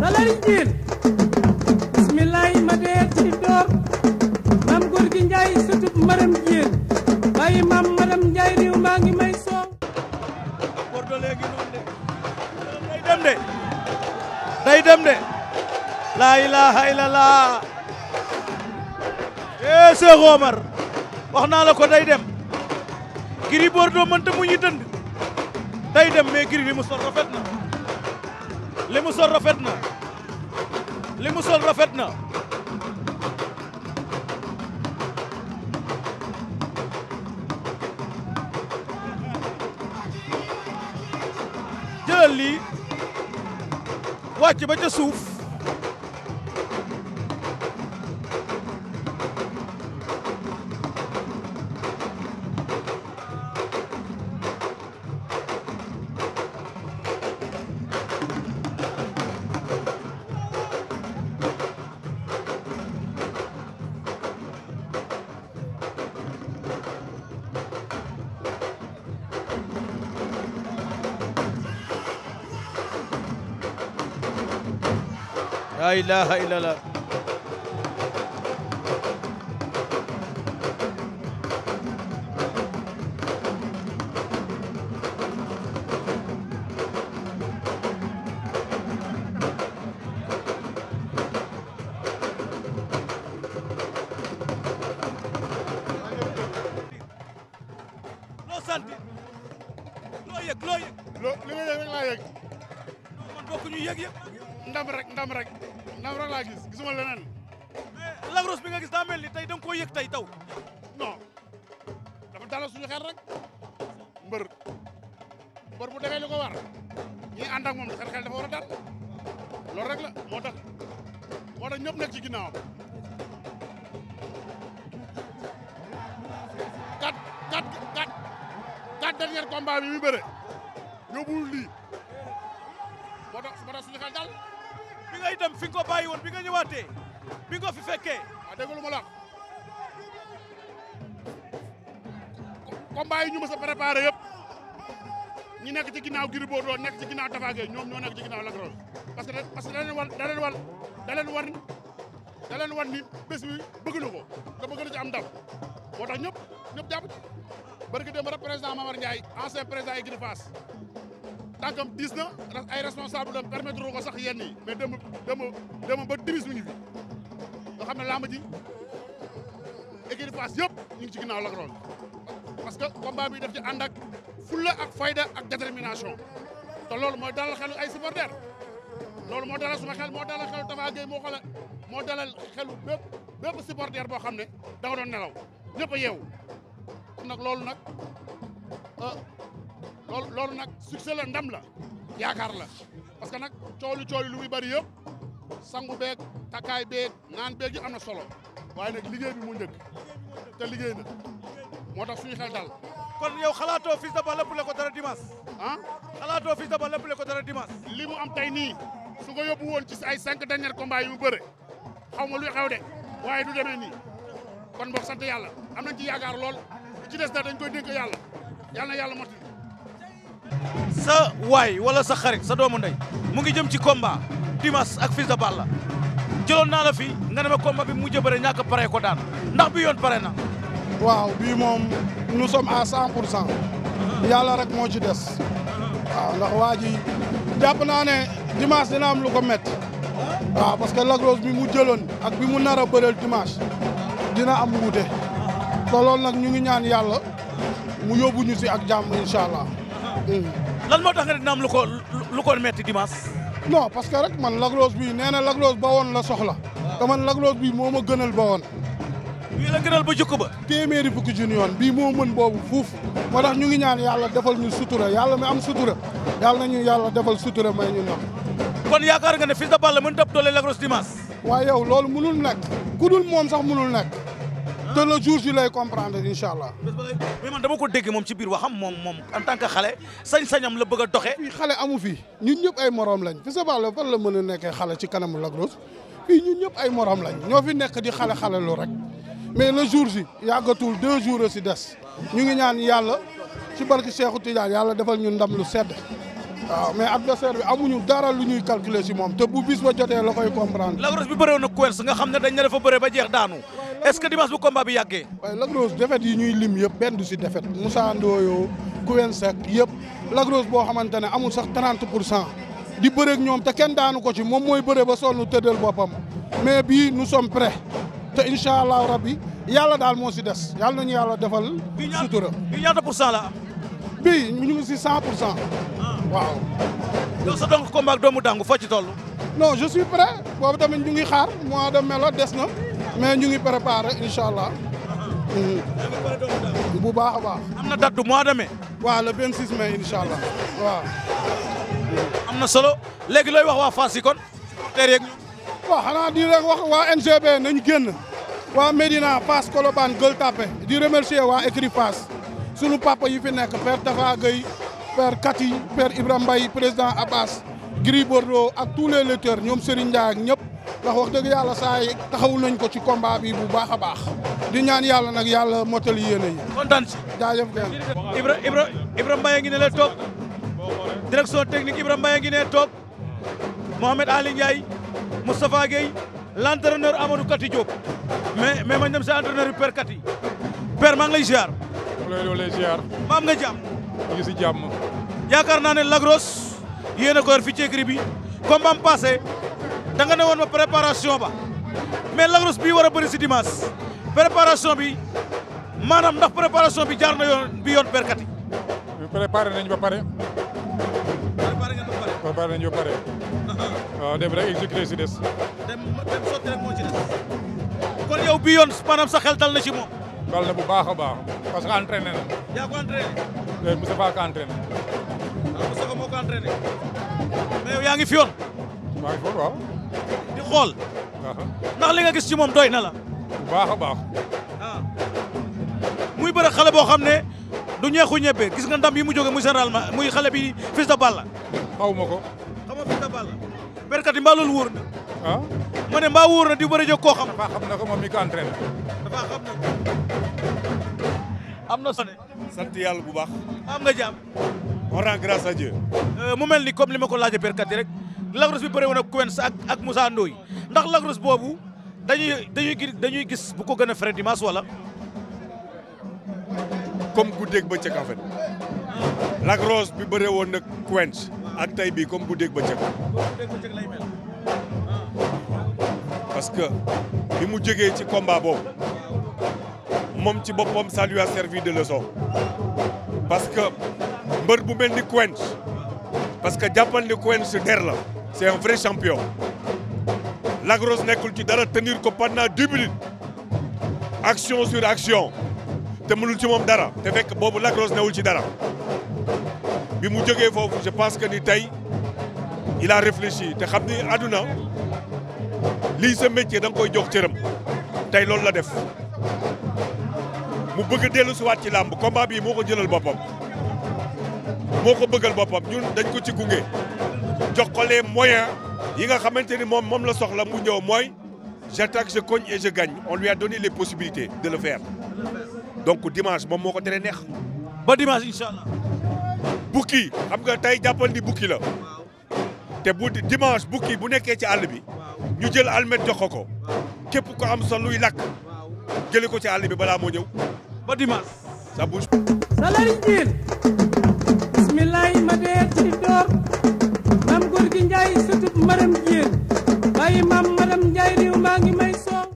salay jiin bismillaay ma dee ci door maam góor gi njaay sëtub maram jiin bàyyi maam maram njaay réew maa ngi may soow Bordeaux léegi noonu de day dem de laa ilaaha illallah ee eh, Seex Omar wax naa la ko day dem Gris Bordeaux mënta mu ñu day dem mais Gris li mu sol rafet na لمصرفتنا لمصرفتنا جلي واجبه بجسوف laa ilaaha illallah loo yëg loo yëg. loo li nga yëg rek laa yëg. man bokk ñu yëg yëg. ndam rek ndam rek ndam rek laa gis gisuma leneen. mais Lac bi nga gis daa mel ni tey da nga koo yëg tey taw. non dafa dalal suñu xel rek mbër mbër bu defee li ko war ñuy ànd moom seen xel dafa war a dal loolu la moo tax ñëpp nekk ci ginnaawam. kat kat kat kat dernier combat bi muy bëre yóbbuwul lii moo tax moo xel dal. nga itam fi nga ko bàyyi woon bi nga ñëwaatee bi nga ko fi fekkee. waaw dégg lu ma la wax combat yi ñu mës a préparé yëpp ñi nekk ci ginnaaw Gris Bordeaux nekk ci ginnaaw Tapha Gueye ñoom ñoo nekk ci ginnaaw Lac Rose parce que parce que da leen war da leen war da leen war da leen war ni bés bi bëgg na ko te bëgg ci am ndam moo ñëpp ñëpp jàpp ci barke dem rek président Mamar Ndiaye ancien président écurie Fass tànkam diis na ay responsable la permettre ko sax yenn yi mais dem dama dama ba timis mi ngi fi xam ne làmb ji équipe yëpp ñu ngi ci ginnaaw Lac parce que combat bi daf ci ànd ak fulla ak fayda ak détermination te loolu mooy dalal xelu ay supporter loolu moo dalal suma moo dalal xelu Tapha Gueye moo xoolal moo dalal xelu bépp bépp supporter boo xam ne da nga doon nelaw ñëpp a yeewu loolu nag euh, Lol, loolu nag succès la ndam la yaakaar la parce que nag coolu coolu lu muy bëri yëpp sangu beeg takkaay beeg naan beeg yi am solo waaye nag liggéey bi mu njëkk te liggéey na moo tax suñu xel dal kon yow xalaatoo Fils de Balla lépp la dara dimanche ah xalaatoo Fils de Balla lépp la ko dara dimanche li am tey nii su ko yóbbu woon ci ay cinq derniers combats yu mu bëre xaw ma luy xew de waaye du demee nii kon boog sant yàlla am nañ ci yaakaar lool ci des na dañ koy dénk yàlla yàlla na yàlla sa way wala sa xarit sa doomu ndey mu ngi jëm ci combat Dimas ak Fils de Balla jëlon na la fi nga ne ma combat bi mu jëbëre ñaka paré ko daan ndax bi yoon paré na waaw bi mom nous sommes à 100% uh -huh. yalla rek mo ci des -huh. ndax waji japp na né dimas dina am lu ko -huh. waaw parce que grosse bi mu jëlon ak bi mu nara a dimas dina am wuute te uh-huh. loolu nak ñu ngi ñaan yalla mu yobbu ñu ci ak uh -huh. allah uh-huh. mm. lan moo tax nga dina am lu ko lu ko metti dimanche. non parce que man lagrosse bii nee na lagrosse ba woon la soxla. te man lagrosse bi moo ma gënal ba woon. bii la gënal ba jukk ba. téeméeri fukki junni yoon bii moo mën boobu fuuf moo tax ñu ngi ñaan yàlla defal ñu sutura yàlla mi am sutura yàlla nañu yàlla defal sutura may ñu ñor. kon yaakaar nga ne Fils de Balla mën dab doole lagrosse dimanche. waaye loolu mënul nekk ku dul moom sax mënul nekk. te le jour ji lay comprendre incha allah. mais man dama ko dégg moom ci biir waxam moom moom en tant que xale sañ-sañam la bëgg a fii xale amu fi ñun ñëpp ay moroom lañ fi sa baax la fan la mën nekkee xale ci kanamu Lac fii ñun ñëpp ay moroom lañ ñoo fi nekk di xale xale lu rek mais le jour ji yàggatul deux jours si des ñu ngi ñaan yàlla ci barke Cheikhou Tidiane yàlla defal ñu ndam lu sedd. waaw mais adversaire bi amuñu dara lu ñuy calculer si moom te bu bis ba jotee la nga xam ne dañ ne dafa bëree ba jeex daanu. est-ce que dimanche bu combat bi yàggee. waaye la grosse défaite yi ñuy lim yëpp ben du ci défaite Moussa Ndoyo Kouwen Seck la grosse bo boo amul sax 30 pour cent di bëreeg ñoom te kenn daanu ko ci mom moy bëre ba sol nu tëddal boppam mais bi nous sommes prêts te inshallah allah rabbi yàlla daal moo si des yàlla nañu yàlla defal. sutura bi ñaata pour la bi ñu ngi si 100 pour ah. waaw. yow sa donc combat doomu dangu fa ci tollu non je suis prêt boobu tamit ñu ngi xaar mois de mai la des na. mais ñu ngi préparé incha allah. Mm-hmm. bu baax a baax. am na date du mois de mai. waaw le 26 mai incha allah waaw. Mm-hmm. am na solo léegi looy wax waa Fass yi kon. supporters yeeg wa waaw xanaa di rek wax waa NGB nañ génn. waa Medina Fass Colobane Gueule Tapée di remercier waa écrit su sunu papa yi fi nekk père Tafa Gueye père Kati père Ibrahima Mbaye président Abbas Gris Bordeaux ak tous les lutteurs ñoom Serigne Ndiaye ak ñëpp ndax wax deug yalla say taxawul nañ ko ci combat bi bu baax a baax di ñaan yalla nak yalla motali yene yi. contane ci jaajëf ngeen. Ibra Ibra Ibra Mbaye ngi ne la toog direction technique Ibra Mbaye ngi ne toog Mohamed Ali Ndiaye mustapha Gueye l'entraîneur Amadou Kati Diop mais mais ma dem sa entraîneur per Kati per maa ngi lay ziar. lo lay ziar. ma nga jam ngi ci jam yakarna ne Lagros yene a ko yor ci écrit bi combat am passé. da nga ne woon ma préparation ba mais Lac bii war a bëri si dimanche préparation bi maanaam ndax préparation bi jaar na yoon bi yoon berkat yi. préparé nañ ba pare. préparé nañ ba pare. préparé nañ si ah, des. dem dem sotti rek kon yow bii yoon maanaam sa xel dal na ci moom. dal na bu baax a baax parce que entraîné na. yaa ko entraîné. léegi eh, Moussa Ba ko entraîné. waaw ah, Moussa yaa ngi fi ngi fi yoon waaw. di xool. ndax li nga gis ci moom doy na la. baax a baax. Ah. muy bëre xale boo xam ne du ñeexu ñebbe gis nga ndam yi mu jóge muy généralement muy xale bi Fils de Balla. xaw ma ko. xam nga Fils de Balla. berkat yi mbaa loolu na. Ah? ma ne mbaa wóor na di bëre jóg koo xam. dafa xam na ko moom mi ko entraîné. xam na ko. am na solo. sant yàlla bu baax. am nga jaam on a grâce euh, mu mel ni comme li ma ko laajee berkat yi rek. Lagros bi bëre woon ak Kouens ak ak Moussa Ndoye ndax Lagros boobu dañuy dañuy gis dañuy gis bu ko gën a frais dimanche wala. comme guddeeg bëccëg en fait bi bëre woon ak Kouens ak tey bii comme guddeeg bëccëg. parce que bi mu jógee ci combat boobu moom ci boppam ça lui a servi de parce que mbër bu mel ni Kouens parce que jàppal ni Kouens der la. c'est un vrai champion La grosse nekkul tenir pendant minutes action sur action te mënul ci homme dara te fekk que La grosse dara je pense que il a réfléchi te xam aduna ce métier dans Il koy jox cëram la def mu bëgg a combat jox ko les moyens yi nga xamanteni mom mom la soxla mu ñew moy j'attaque je cogne et je gagne on lui a donné les possibilités de le faire donc dimanche mom moko téré neex. ba dimanche inshallah Bouki, bukki xam nga tay jappal ni bukki la té bu dimanche Bouki. bu nekké ci all bi ñu jël almet jox ko képp ko am sa luy lak jëlee ko ci all bi bala mo ñew ba dimanche. Ça bouge. sa lay jiin ma dé ci door. Njaay sëtub Maram Jéen bàyyi maam